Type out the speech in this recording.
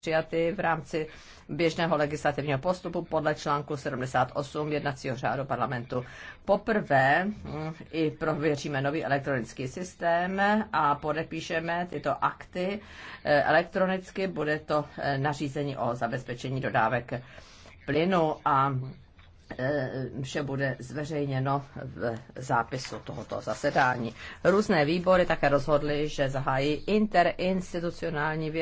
přijaty v rámci běžného legislativního postupu podle článku 78 jednacího řádu parlamentu. Poprvé mm, i prověříme nový elektronický systém a podepíšeme tyto akty eh, elektronicky. Bude to eh, nařízení o zabezpečení dodávek plynu a eh, vše bude zveřejněno v zápisu tohoto zasedání. Různé výbory také rozhodly, že zahájí interinstitucionální věc